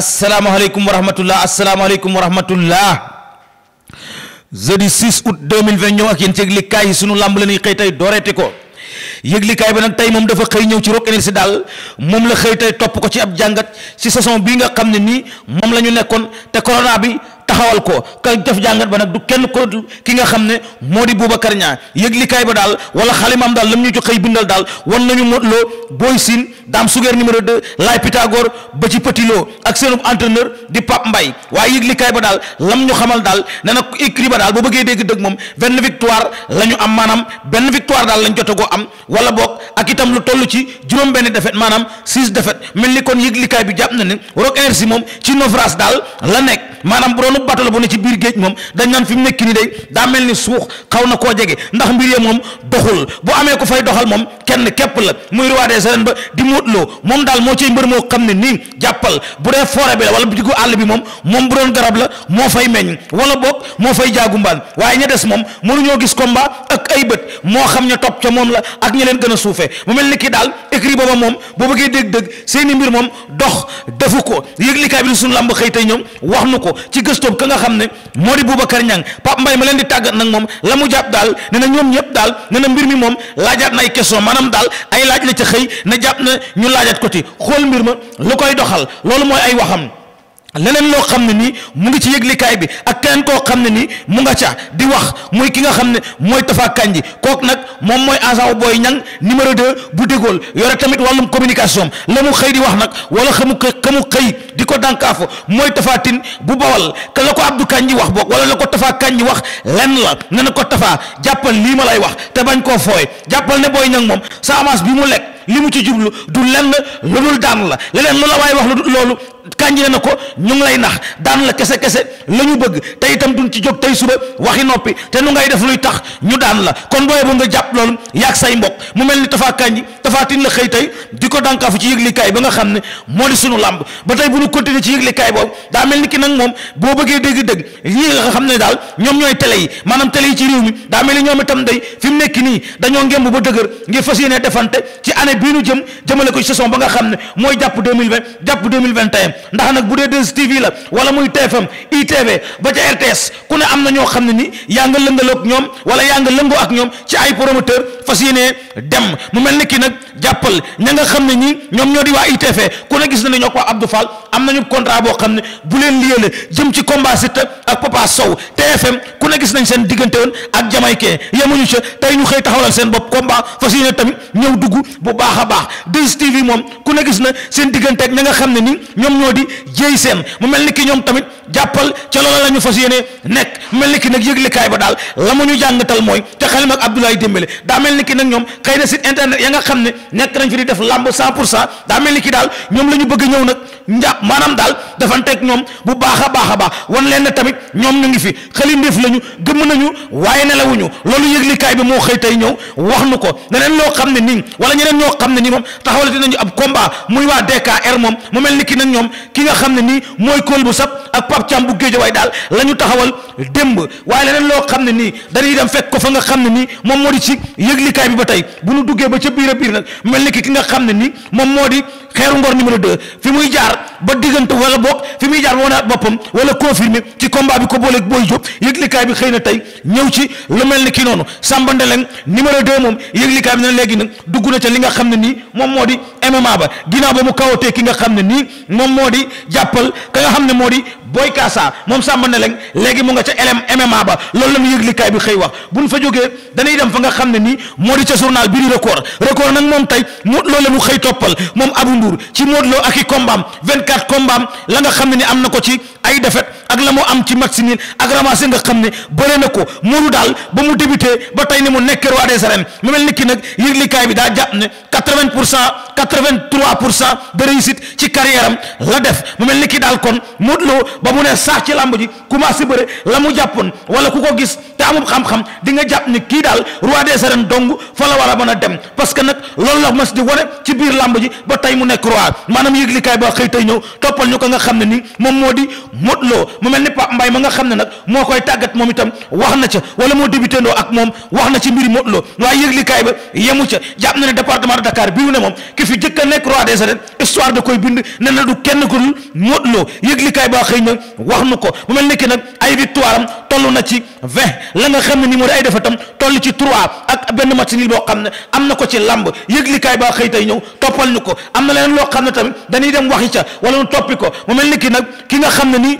asalaamaaleykum wa rahmatullah asalaamaaleykum wa rahmatullah jeudi 6 août 2020 ñëw ak yéen ci yëglikaay yi làmb la ñuy xëy tey dooreeti ko yëglikaay bi nag tey moom dafa xëy ñëw ci Rock Énergie daal moom la xëy tey topp ko ci ab jàngat ci saison bii nga xam ne nii moom la ñu nekkoon te corona bi taxawal ko ka def jàngat ba nag du kenn ko ki nga xam ne moo di Boubacar Niang yëglikaay ba daal wala xalimaam daal lam ñu ci xëy bindal daal wan nañu Modou Lo Boy Sine Dame Souguer numéro 2 Laye Pythagore ba ci Petit Lo ak seenub entraîneur di Pape Mbaye waaye yëglikaay ba daal lam ñu xamal daal ne na écrit ba daal boo bëggee dégg dëgg moom benn victoire la ñu am maanaam benn victoire daal lañ jotagoo am wala boog ak itam lu toll ci juróom benn défaite maanaam six défaite mel ni kon yëglikaay bi jàpp na ne Rock Énergie moom daal la nekk amul batal bu ne ci biir géej moom dañ naan fi mu nekk nii day daa mel ni suux xaw na koo jege ndax mbir ya moom doxul bu amee ko fay doxal moom kenn képp la muy roi des arènes ba di Modou Lo moom daal moo ciy mbër moo xam ne nii jàppal bu dee forêt bi la wala bu jugu àll bi moom moom bu doon garab la moo fay meññ wala boog moo fay jaagu mbaan waaye ña des moom mënuñoo gis combat ak ay bët moo xam ña topp ca moom la ak ña leen gën a suufee mu mel ni ki daal écrit booba moom boo bëggee dégg-dëgg seeni mbir moom dox defu ko yëglikaay bi suñu làmb xëy tey ñoom wax nu ko ci gëstoob ka nga xam ne moo di Boubacar Niang Pape Mbaye ma leen di tàggat nag moom la mu jàpp daal ne na ñoom ñëpp daal ne na mbir mi moom laajaat na ay question maanaam daal ay laaj la ca xëy na jàpp na ñu laajat ko ci xool mbir ma lu koy doxal loolu mooy ay waxam leneen loo xam ne nii mu ngi ci yëglikaay bi ak keneen koo xam ne ni mu nga ca di wax muy ki nga xam ne mooy Tafa Kanji kook nag moom mooy agent booy ñang numéro de bu déggool yore tamit wàllum communication la mu xëy di wax nag wala xamu xamu xëy di ko afo mooy Tafa Tine bu bawal ka la ko Abdou Kanji wax boog wala la ko Tafa Kanji wax lenn la ne na ko Tafa jàppal lii ma lay wax te bañ koo fooy jàppal ne booy ñang moom sa avance bi mu lekk li mu ci jublu du lenn lu dul daan la leneen lu kànjine na ko ñu ngi lay nax daan la kese kese la ñu bëgg tey itam duñ ci jóg tey suba waxi noppi te nu ngay def luy tax ñu daan la kon booye bu nga jàpp loolu yaag say mbokk mu mel ni tafaa kànji tafaatin la xëy tey di ko dànkaafu ci yëglikaay ba nga xam ne moo di sunu làmb ba tey bu ñu continuer ci yëglikaay boobu daa mel ni ki nag moom boo bëggee dégg-dégg lii nga xam ne daal ñoom ñooy télé yi maanaam télé yi ci réew mi daa mel ni ñoom itam day fi mu nekk nii dañoo ngemb ba dëgër ngir fas defante ci anne bii jëm jëmale ko saison ba nga xam ne mooy jàpp 2020 jàpp 2021 ndax nag bu dee 2STV la wala muy TFM ITV ba ca RTS ku ne am na ñoo xam ne ni yaa nga lëngaloo ak ñoom wala yaa nga lëngoo ak ñoom ci ay promoteur fas yéenee dem mu mel ni ki nag jàppal ña nga xam ne ñi ñoom ñoo di waa ITV ku ne gis na ne ko waa Abdou am nañu contrat boo xam ne bu leen liyee la jëm ci combat Siteu ak Papa Sow TFM ku ne gis nañ seen diggante woon ak jamaïcain yemuñu ca tey ñu xëy taxawal seen bopp combat fas yéene tamit ñëw dugg bu baax a baax 2STV moom ku ne gis na seen diggante ak nga xam ne ni ñoom ñoom ñoo di jéy seen mu mel ni ki ñoom tamit jàppal ca loola la ñu fas yéene nekk mu mel ni ki nag yëglikaay ba daal la mu ñu jàngatal mooy te xalim ak Abdoulaye Dembélé daa mel ni ki nag ñoom xëy na site internet ya nga xam ne nekk nañ fi di def làmb cent pour cent daa mel ni ki daal ñoom la ñu bëgg ñëw nag njàpp maanaam daal dafanteeg ñoom bu baax a baax a baax wan leen ne tamit ñoom ñu ngi fi xëli ndéef lañu gëmm nañu waaye nelawuñu loolu yëglikaay bi ñoom ki nga xam ne nii mooy kool bu sab ak Pape Thiam bu Géejawaay daal la ñu taxawal démb waaye leneen loo xam ne nii dañuy dem fekk ko fa nga xam ne nii moom moo di ci bi ba tey bu ñu duggee ba ca biir a biir mel ni ki ki nga xam ne nii moom moo di xeeru ngor numéro 2 fi muy jaar ba diggante wala bokk fi muy jaar ba wanaat boppam wala confirmé ci combat bi ko booleeg booy jóg bi xëy na tey ñëw ci lu mel ni ki noonu Samba Ndeleng numéro 2 moom yëglikaay bi na léegi nag dugg na ca li nga xam ne nii moom moo di MMA ba ginnaaw ba mu kawatee ki nga xam ne nii moom moo di jàppal ka nga xam ne moo di Boy Kassa moom Samba Ndeleng léegi mu nga ca LM MMA ba loolu la mu yëglikaay bi xëy wax bu ñu fa jógee dañuy dem fa nga xam ne nii moo di ca journal bi di record record nag moom tey Modou Lo la mu xëy toppal moom Abou Ndour ci Modou Lo ak i kombaam 24 kombaam la nga xam ne ni am na ko ci ay défaite ak la mu am ci match nii ak ramassé nga xam ne bëre na ko Modou daal ba mu débuté ba tey ni mu nekk roi des arènes mu mel ni kii nag yëglikaay bi daa jàpp ne quatre-vingt pour cent quatre-vingt-trois pour cent de réussite ci carrière la def mu mel ni kii daal kon Modou Lo ba mu ne sax ci làmb ji commencé bëre la mu jàppoon wala ku ko gis te amul xam-xam di nga jàpp ne kii daal roi des arènes dong fa la war a mën a dem parce que nag loolu la mas di wane ci biir làmb ji ba tey mu nekk roi maanaam yëglikaay ba xëy tey xam ne ni moom moo di mu mel ni Pape Mbaye ma nga xam ne nag moo koy tàggat moom itam wax na ca wala moo débuté ak moom wax na ci mbiri Modou Lo waaye yëglikaay ba na ne a nekk na du xëy na wax nu ko mu mel ni nag ay victoire am toll na ci vingt la nga xam ne nii moo di ay defatam toll ci trois ak benn match nil boo xam ne am na ko ci làmb yëglikaay ba xëy tey ñëw toppal ñu ko am na leneen loo xam ne tamit dañuy dem waxi ca wala ñu toppi ko mu mel ni nag ki nga xam ne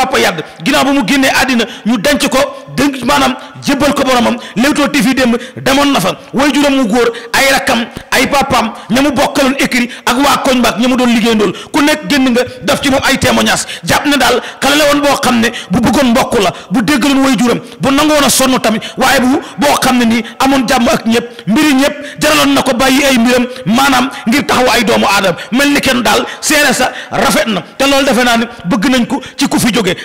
Papa Yade ginnaaw ba mu génnee àddina ñu denc ko dënk maanaam jébbal ko boromam Leewtoo TV démb demoon na fa way juróom mu góor ay rakkam ay papaam ña mu bokkaloon écrit ak waa koñ baak ña mu doon liggéeyandool ku nekk génn nga def ci moom ay témoignage jàpp ne daal kala la boo xam ne bu bëggoon mbokk la bu déggaloon way juróom bu nangoon a sonn tamit waaye bu boo xam ne nii amoon jàmm ak ñëpp mbiri ñëpp jaraloon na ko bàyyi ay mbiram maanaam ngir taxaw ay doomu aadama mel ni kenn daal seere sa rafet na te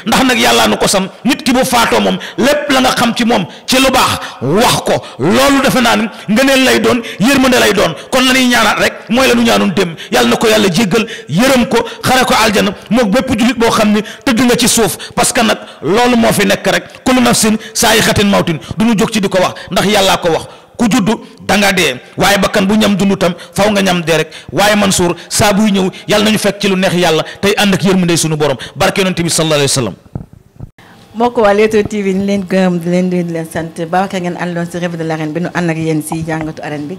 ndax nag yàllaa nu ko sam nit ki bu faatoo moom lépp la nga xam ci moom ci lu baax wax ko loolu defe naa ni ngëneel lay doon yërmande lay doon kon la ñuy ñaanaat rek mooy la ñu ñaanoon dem yàlla na ko yàlla jéggal yërëm ko xare ko aljana moog bépp jullit boo xam ne tëdd nga ci suuf parce que nag loolu moo fi nekk rek kullu nafsin saa yi xatin mawtin du mu jóg ci di ko wax ndax yàllaa ko wax ku juddu da nga dee waaye bakkan bu ñam dund tam faw nga ñam dee rek waaye Mansour saabu yu ñëw yàlla nañu fekk ci lu neex yàlla tey ànd ak yërmande suñu borom barke yonent bi sallallahu alayhi wa sallam mbokk waa Leewtoo TV ñu leen gërëm di leen di leen sant Babacar ngeen àndoon si revue de l'arène bi nu ànd ak yéen si jàngatu arène bi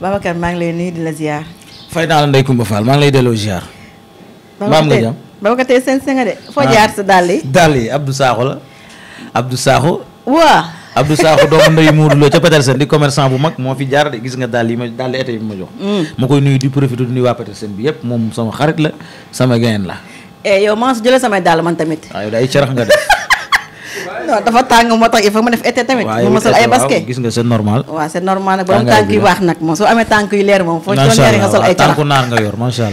Babacar maa la lay nuyu di la ziar. fay naa la Ndeye Coumba Fall maa ngi lay delloo ziar. maam nga jàmm Babacar tey seen seen nga de. foo jaar sa dàll yi dàll yi Abdou Sakho la Abdou Sakho. Abdou Sakho doomu ndeyu Modou Lo ca Petersen di commerçant bu mag moo fi jaar de gis nga daal yi ma daal di été yi ma jox mm. ma koy nuyu di profité di nuyu waa Petersen bi yëpp moom sama xarit la sama gayen la eh yow maa su jëlee samay daal man tamit waaw ah, yow daay nga def dafa tàng moo tax il faut ma def été tamit mu ma sol ay basket gis nga c'est normal waaw c'est normal nag borom tànk yu baax nag moom soo amee tànk yu leer moom foo doon leer nga sol ay tànku naar nga yor macha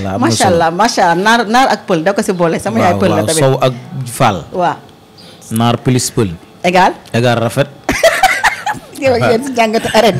ñëw ak yéen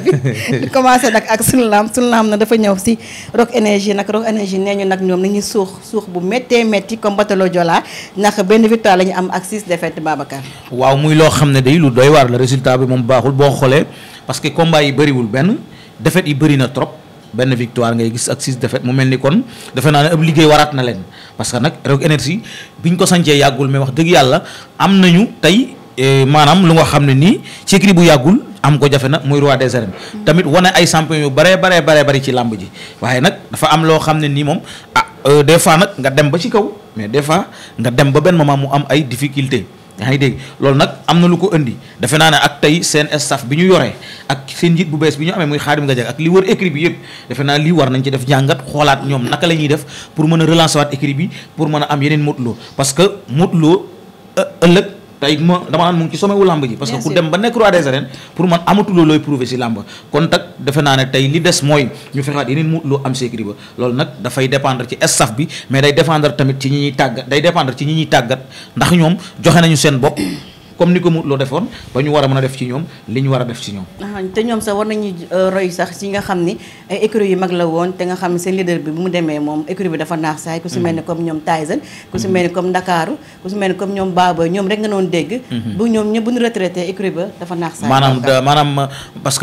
bi di commencé nag ak sunu laam sunu laam na dafa ñëw si rock énergie nag rock énergie nee ñu nag ñoom nañuy suux suux bu méttee métti comme Batalo Jola ndax benn victoire la ñu am ak six défaites Babacar waaw muy loo xam ne day lu doy waar la résultat moom baaxul boo xoolee parce que combat yi bariwul benn défaites yi bari na trop benn victoire ngay gis ak six défaites mu mel ni kon defe naa ne ab liggéey waraat na leen parce que nag Rock Énergie bi ñu ko sancee yàggul mais wax dëgg yàlla am na ñu tey eh, maanaam lu nga xam ne nii ci écrit bu yàggul am ko jafe na muy roi des arènes tamit wane ay champion yu bare bare bare bari ci làmb ji waaye nag dafa am loo xam ne nii moom ah euh, des fois nag nga dem ba ci kaw mais des fois nga dem ba benn moment mu am ay difficulté yaa ngi dégg loolu nag am na lu ko indi defe naa ne ak tey seen staff bi ñu yoree ak seen njiit bu bees bi ñu amee muy xaadim nga jag ak li wër écrit bi yëpp defe naa lii war nañ ci def jàngat xoolaat ñoom naka la ñuy def pour mën a relancer waat écrit bi pour mën am yeneen Modou parce que Modou Lo euh, ëllëg tey ma dama naan mu ci sommet wu lamb ji parce que ku dem ba nekk roi des arènes pour man amatuloo looy prouver si lamb kon nag defe naa ne tey li des mooy ñu fexaat yeneen muut loo am sécurité ba loolu nag dafay dépendre ci staff bi mais day dépendre tamit ci ñi ñuy tàggat day dépendre ci ñi ñuy tàggat ndax ñoom joxe nañu seen bopp comme ni ko Modou Lo defoon ba ñu war a mën a def ci ñoom li ñu war a def ci ñoom. Ah, te ñoom sax war nañu euh, roy sax ci nga xam ni ay écurie mag la woon te nga xam ne seen leader bi mu demee moom écurie bi dafa naax saay maanaam maanaam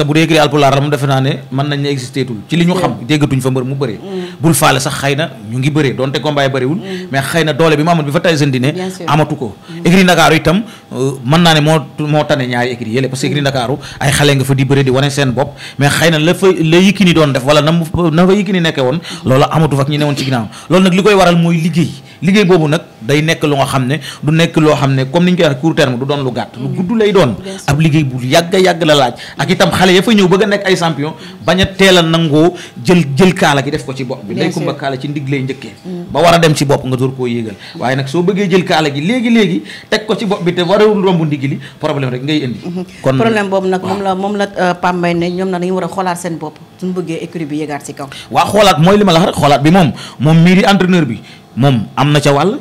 bu dee écurie Alpulaar la mu defe naa ne mën nañ ne existé tul ci li ñu xam déggatuñ fa mbër mu bëree mm. bul faale sax xëy ñu ngi bëree donte combat yi mm. mais xëy doole bi mu amoon bi fa Tyson di amatu ko mm. écurie Ndakaaru itam euh, mën naa ne moo moo tane ñaari écurie yële parce que écurie Ndakaaru ay xale nga fa di bëre di wane seen bopp mais xëy na la fa la Yékini doon def wala na mu na fa Yékini nekke woon loolu amatu ak ñi newoon ci ginnaaw loolu nag li koy waral mooy liggéey liggéey boobu nag day nekk lu nga xam ne du nekk loo xam ne comme ni ñu koy waxee court du doon lu gàtt lu gudd lay doon ab liggéey bu yàgg a yàgg la laaj ak itam xale ya fa ñëw bëgg a nekk ay champion bañ a teel a nangoo jël jël kaala gi def ko ci bopp bi ndey kumba kaala ci ndig lay njëkkee mm. a dem ci bopp nga door koo yéegal mm. waaye nag soo bëggee jël kaala gi léegi-léegi teg ko ci bopp bi te warewul romb ndigi li problème rek ngay indi mm-hmm. kon problème boobu nag moom la moom la euh, pambay ne ñoom na dañu war a xoolaat seen bopp suñu bëggee écurie bi yéegaat ci kaw waaw xoolaat mooy li ma la wax xoolaat bi moom moom miiri di bi moom am na ca wàll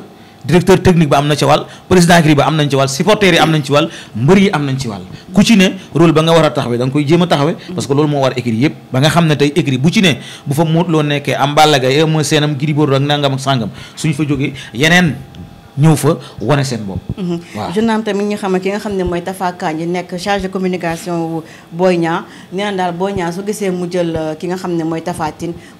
directeur technique ba am na ci wàll président CRI ba am nañ ci wàll supporters yi am nañ ci wàll mbër yi am nañ ci wàll ku ci ne rôle ba nga war a taxawee da koy jéem a taxawee parce que loolu moo war écrit yëpp ba nga xam ne tey écrit bu ci ne bu fa Modou Lo nekkee am Balla Gaye am seenam Gris Bordeaux ak nangam ak sàngam mhm. tamit ñu xam ki nga xam ne mooy Tafa Kañ nekk chargé de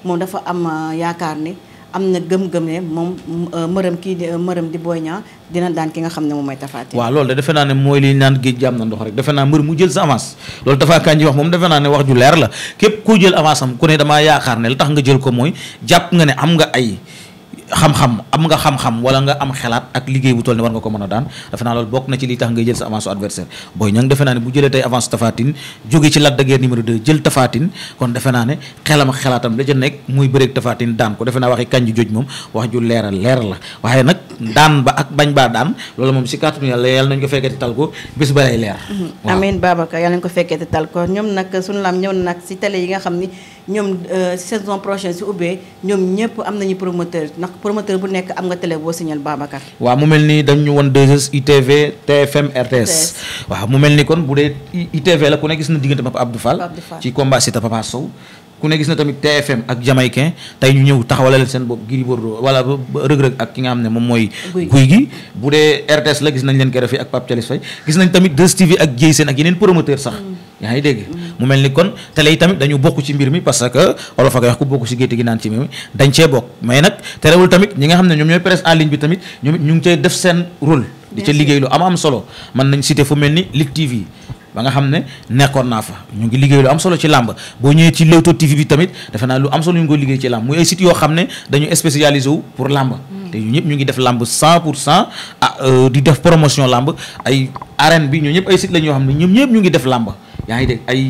moom dafa am yaakaar ni. am na gëm-gëm ne moom euh, mërëm kii di euh, mërëm di Boy Niang dina daan ki nga xam ne moom may Tapha Tine waaw loolu de defe naa ne mooy li naan géej jàmm na ndox rek defe naa mbër mu jël sa avance loolu Tapha Kandji wax moom defe naa ne wax ju leer la képp ku jël avance am ku ne damaa yaakaar ne la tax nga jël ko mooy jàpp nga ne am nga ay xam-xam am nga xam-xam wala nga am xelaat ak liggéey bu toll ne war nga ko mën a daan defe naa loolu bokk na ci li tax ngay jël sa avance adversaire Boy Niang defe naa ne bu jëlee tey avance Tafatine jóge ci Lac de Guiers numéro jël Tafatine kon defe naa ne xelam xelaatam la ca nekk muy bëreeg Tafatine daan ko defe naa waxi kanji joj moom wax ju leeral leer la waaye nag daan ba ak bañ baa daan loolu moom si kàttanu yàlla yàlla nañ nañ ko fekkee ñoom euh, saison prochaine su ubbee ñoom ñëpp am nañu promoteur ndax promoteur bu nekk am nga télé boo signal Babacar. waa mu mel ni dañu woon 2S ITV TFM RTS. waaw mu mel ni kon bu dee ITV la ku ne gis na diggante Papa Abdou Fall. ci combat Siteu Papa Sow. ku ne gis na tamit TFM ak Jamaïcain tey ñu ñëw taxawalal seen bopp Gris Bordeaux wala rëg-rëg ak ki nga xam ne moom mooy guy gi bu dee RTS la gis nañ leen ko def ak Pape Thialis Faye gis nañ tamit 2STV ak Dieye Sène ak yeneen promoteur sax mm. yaa ngi dégg mm. mu mel ni kon télé yi tamit dañu bokk ci mbir mi parce que olof ak wax ku bokk ci gétt gi naan ci mbir mi dañ cee bokk mais nag terewul tamit ñi nga xam ne ñoom ñooy presse en ligne bi tamit ñoom ñu ngi cee def seen rôle di ca liggéey lu am am solo mën nañ citer fu mel ni Ligue TV ba nga xam ne nekkoon naa fa ñu ngi liggéey lu am solo ci làmb boo ñëwee ci Leewtoo TV bi tamit defe naa lu am solo ñu ngi koy liggéey ci làmb muy ay sites yoo xam ne dañu spécialisé wu pour làmb hmm. te ñu ñëpp ñu ngi def làmb 100 pour cent ah euh, di def promotion làmb ay arène bi ñoo ñëpp ay sites la ñoo xam ne ñoom ñëpp ñu ngi def làmb yaa ngi dégg ay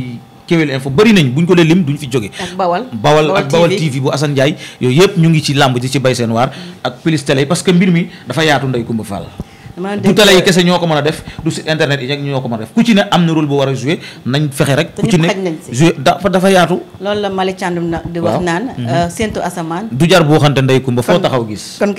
Kewel fa bëri nañ buñ ko dee lim duñ fi jóge bawal bawal ak bawal TV bu Assane Ndiaye yooyu yëpp ñu ngi ci làmb ji ci bay seen waar ak plus télé parce que mbir mi dafa yaatu ndey Coumba Fall du télé yi kese ñoo ko mën a def du site internet yi rek ñoo ko mën a def ku ci ne am na rôle bu war a joué nañ fexe rek ku ci ne joué dafa dafa yaatu loolu la Malick Thiandoum na di wax naan mhm. euh, séentu asamaan du jar boo euh, mhm.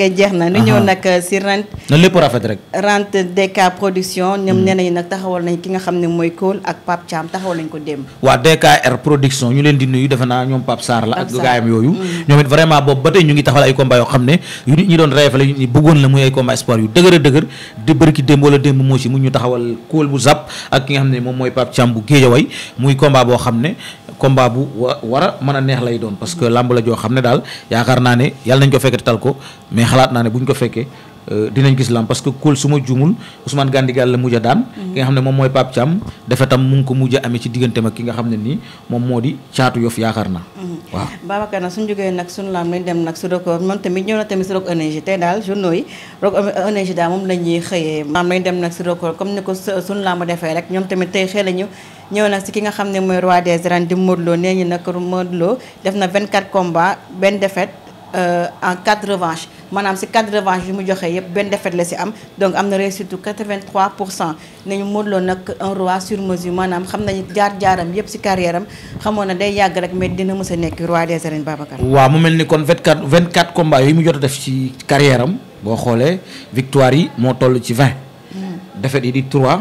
nga xam ne mooy Kool ak Pape Thiam taxawal nañ ko démb waa DKR production ñu leen di nuyu defe naa ñoom Pape Sarr la ak gaayam yooyu mhm. ñoom it vraiment boobu ba ñu ngi taxawal ay combat yoo xam ne yu ñi doon rêve la ñu bëggoon la muy ay combat espoir yu dëgër a dëgër di bërki démb wala démb moo ci mu ñu taxawal kóol bu zapp ak ki nga xam ne moom mooy Pape Thiam bu Géejawaay muy combat boo xam ne combat bu war a mën a neex lay doon parce que làmb la joo xam ne daal yaakaar naa ne yàlla nañ ko fekkee tal ko mais xalaat naa ne bu ñu ko fekkee Euh, dinañ gis lam parce que kóol su ma juumul Ousmane Gandigal la mujj a daan mhm. ki nga xam ne moom mooy Pape Thiam tam mu ngi ko mujj a amee ci nga xam ne nii moom moo di caatu yof yaakaar naa mhm. waaw Babacar nag suñ jógee nag suñu laam lañ dem nag su record moom tamit ñëw na tamit si rock tey daal journaux yi rock énergie daal moom la ñuy xëyee laam lañ dem nag si record comme ni ko su suñu laam defee rek ñoom tamit tey xëy lañu ñëw nag si ki nga xam ne mooy roi des ren di Modou Lo nee ñi nag Modou Lo def na 24 combats benn défaite euh, en 4 revanches maanaam si quatre revanche yu mu joxe yëpp benn défaite la si am donc am na réussite 83 pour cent nañu Modou Lo nag un roi sur mesure maanaam xam nañu jaar-jaaram yëpp si carrière am xamoon na day yàgg rek mais dina mës a nekk roi des arènes Babacar. waaw mu mel ni kon vingt 24 combats yooyu mu jot a def ci carrière am boo xoolee victoire yi moo toll ci 20. Hmm. défaite yi di 3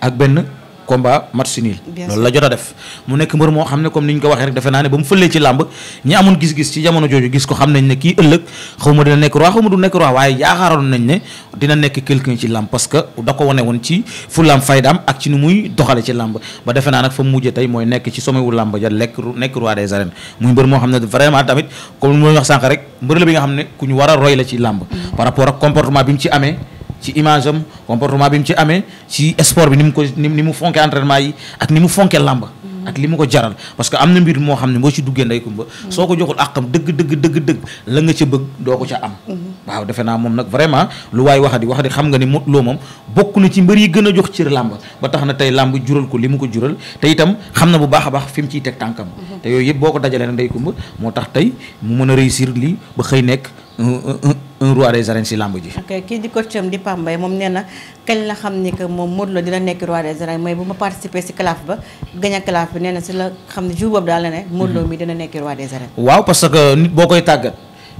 ak benn. combat match nul loolu la jot a def mu nekk mbër moo xam ne comme ni ñu ko waxee rek defe naa ne ba mu fëlee ci làmb parce que da ko wane woon ci fu làmb faydaam ak ci nu muy doxale ci làmb ba defe naa nag fa mujje tey mooy nekk ci sommet làmb ja lekk nekk roi des arènes muy mbër moo xam ne vraiment tamit comme lu ma wax sànq rek mbër la bi nga xam ne ku ñu war a roy la ci làmb mm-hmm. par rapport ak comportement bi mu ci amee ci image am comportement bi mu ci amee ci sport bi ni mu ko ni mu fonke entraînement yi ak ni mu fonke làmb ak li mu ko jaral parce que am na mbir moo xam ne boo ci duggee nday kumba soo ko joxul àqam dëgg dëgg dëgg dëgg la nga ca bëgg doo ko ca am waaw defe naa moom nag vraiment lu waay waxati waxati xam nga ni mot loo moom bokk na ci mbër yi gën a jox ci làmb ba tax na tey làmb jural ko li mu ko jural te itam xam na bu baax a baax fi mu ciy teg tànkam te yooyu yëpp boo ko dajalee na nday kumba moo tax tey mu mën a réussir lii ba xëy nekk un roi des arènes si làmb ji. ok kii di coach am di Pape Mbaye moom nee kañ la xam ni que moom Modou dina nekk roi des arènes mooy bu ma participer si calaf ba gañ a calaf bi nee na si la xam ne jour boobu daal la ne Modou Lo mi dina nekk roi des arènes. waaw parce que nit boo koy tàggat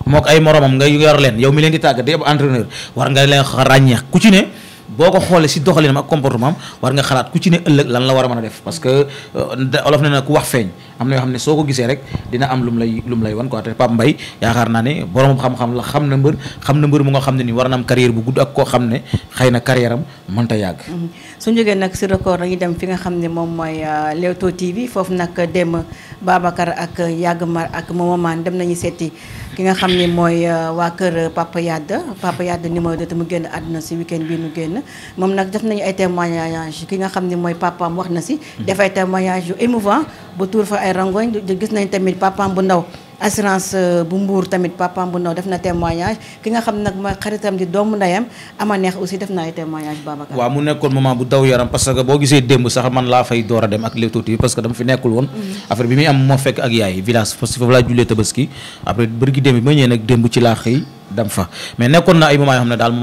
moo ko ay moromam nga yor leen yow mi leen di tàggat di ab entraîneur war nga leen ràññee ku ci ne. boo ko xoolee si doxalinam ak comportement am war nga xalaat ku ci ne ëllëg lan la war a man a def parce que euh, olof ne ku wax feeñ am na yoo xam ne soo ko gisee rek dina am lum lay lum lay wan quoi te Pape Mbaye yaakaar naa ne borom xam-xam la xam na mbër xam na mbër mu nga xam ne ni war na am carrière bu gudd ak koo xam ne xay na carrière am mënta yàgg mm-hmm. su jógee nag si record dañuy dem fi nga xam ne moom mooy euh, Leewtoo TV foofu nag dem Babacar ak ma ak Momaman dem nañu seeti ki nga xam ni mooy euh, waa kër euh, Papa Yade Papa Yade ni mooy te mu génn àdduna si week-end bii nu génn moom nag def nañu ay témoignage ki nga xam ni mooy papaam wax na si hmm. def ay témoignage yu émouvant bu tuur fa ay rangoñ gis nañ tamit papaam bu ndaw assurance euh, bu mbuur tamit papaam bu ndaw def na témoignage ki nga xam ne nag mooy xaritam di doomu ndeyam a neex aussi def na ay témoignage Babacar waaw mu nekkoon moment bu daw yaram parce que boo gisee démb sax man laa fay door a dem ak Leewtoo parce que dama fi nekkul woon mm-hmm. affaire bi muy am moo fekk ak yaay village parce que foofu laa jullee tabaski après bërgi démb bi ma ñëwee nag démb ci laa xëy dem fa mais nekkoon na ay moment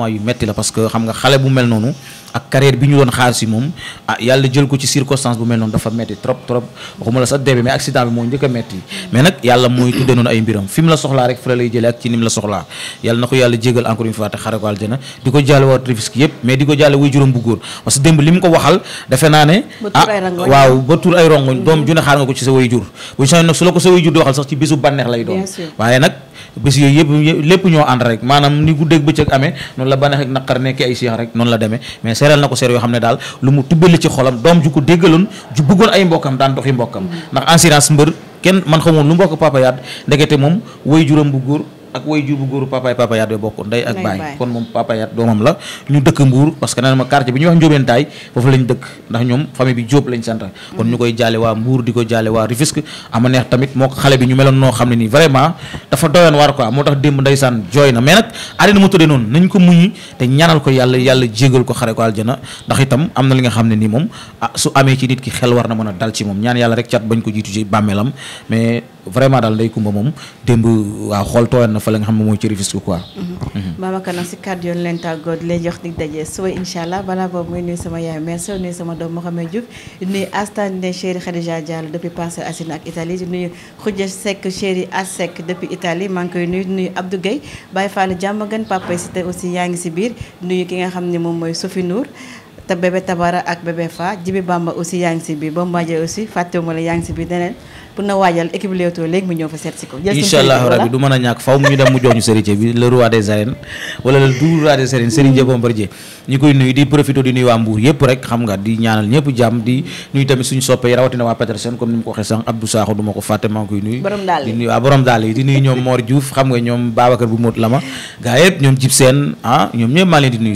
yoo metti la parce que xam nga xale bu mel noonu ak carrière bi ñu doon xaar moom ah yàlla jël ko ci circonstance bu mel noonu dafa metti trop trop waxuma la sax dee mais a metti mais nag yàlla mooy ak ci ni la soxlaa yàlla na ko yàlla jégal encore une fois te xare ko aljana di ko jaale waa Rufisque yëpp mais di ko jaale way juróom bu parce que démb li mu ko waxal defe naa ne ah waaw ba tur ay rongoñ mhm. doom ju xaar nga ko ci sa way bés yooyu yëpp lépp ñoo ànd rek maanaam ni guddeeg bëccëg amee noonu la baneex ak naqar nekk ay seex rek noonu la demee mais seeral na ko seer yoo xam ne daal lu mu tubbali ci xolam doom ju ko déggaloon ju bëggoon ay mbokkam daan doxi mbokkam ndax assurance mbër kenn man xamoon lu mbokk papa yaat ndekete moom way juróom bu góor ak way jubu góoru papaay papayaat ba bokk nday ak baay kon moom papayaat doomam la ñu dëkk Mbour parce que nee ma quartier bi ñuy wax Njóobeentaay foofu lañ dëkk ndax ñoom famille bi ñu meloon noo xam ne nii vraiment dafa doyoon waar quoi moo tax démb ndeysaan jooy na mais nag àddina mu tuddee noonu nañ ko muñi te ñaanal ko yàlla yàlla jégal ko xare ko aljana ndax itam am na li nga xam ne nii moom ah su amee ci nit ki xel war na mën a dal vraiment daal ndey kumba moom démb waaw xool tooyoon na fa la nga xam ne mooy ci Rufisque quoi. Mhm. Mhm. Babacar nag si kàddu yoon leen tàggoo di leen jox dig daje suba incha allah balaa boobu muy nuyu sama yaay merci nuyu sama doom Mouhamed Diouf nuyu Astane chéri Khadija Diallo depuis Parcelles Assainies ak Italie nuyu Khoudia Seck chéri Asek depuis Italie maa ngi koy nuyu nuyu Abdou Guèye Baye Fall Diamaguène Papa Cité aussi yaa ngi si biir nuyu ki nga xam ne moom mooy Sophie Nour. te pour na waajal du mën a ñàkk faw mu ñu dem mu jox ñu Serigne bi le roi des arènes wala le doux roi des arènes Serigne Bombardier ñu koy nuyu di profité di nuyu waa Mbour yëpp rek xam nga di ñaanal ñëpp jàmm di nuyu tamit suñu soppe rawatina waa Petersen comme ni mu ko waxee sànq Abdou du ma ko fàtte maa ngi koy nuyu waa ah, borom daal yi di nuyu ñoom Mor Diouf xam nga ñoom Babacar bu Móot Lama gaa yëpp ñoom Jib Seen ah ñoom ñëpp maa leen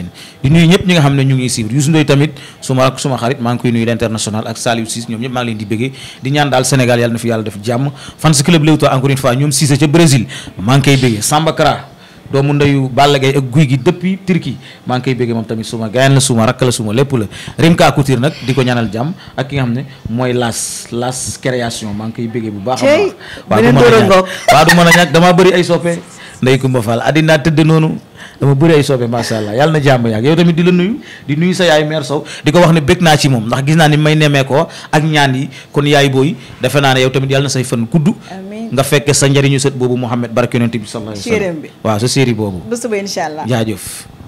di di nuyu ñëpp ñi nga xam ne ñu ngi suivre Youssou tamit suma ak suma xarit maa ngi koy nuyu l'international ak Saliou Ciss ñoom ñëpp maa ngi leen di béggee di ñaan daal Sénégal yàlla na fi yàlla def jàmm fans club Leewtoo ak guy la suma rakk la suma lépp la Rimka nag di ko ñaanal jàmm ak ki nga xam ne mooy las las création maa ngi koy béggee bu baax a baax waaw du mën a ñàkk a damaa bëri ay soppe nday Kumba Fall tëdd noonu dama bëri ay soobee macha allah yàlla na jàmm yàgg yow tamit di la nuyu di nuyu sa yaay mère Sow di ko wax ne bëgg naa ci moom ndax gis naa ni may nemee ko ak ñaan yi kon yaay booy defe naa ne yaw tamit yàlla na say fan gudd nga fekke sa njëriñu sët boobu Mouhamed barke yonent bi sallallahu alayhi wa sallam waaw sa série boobu bu suba incha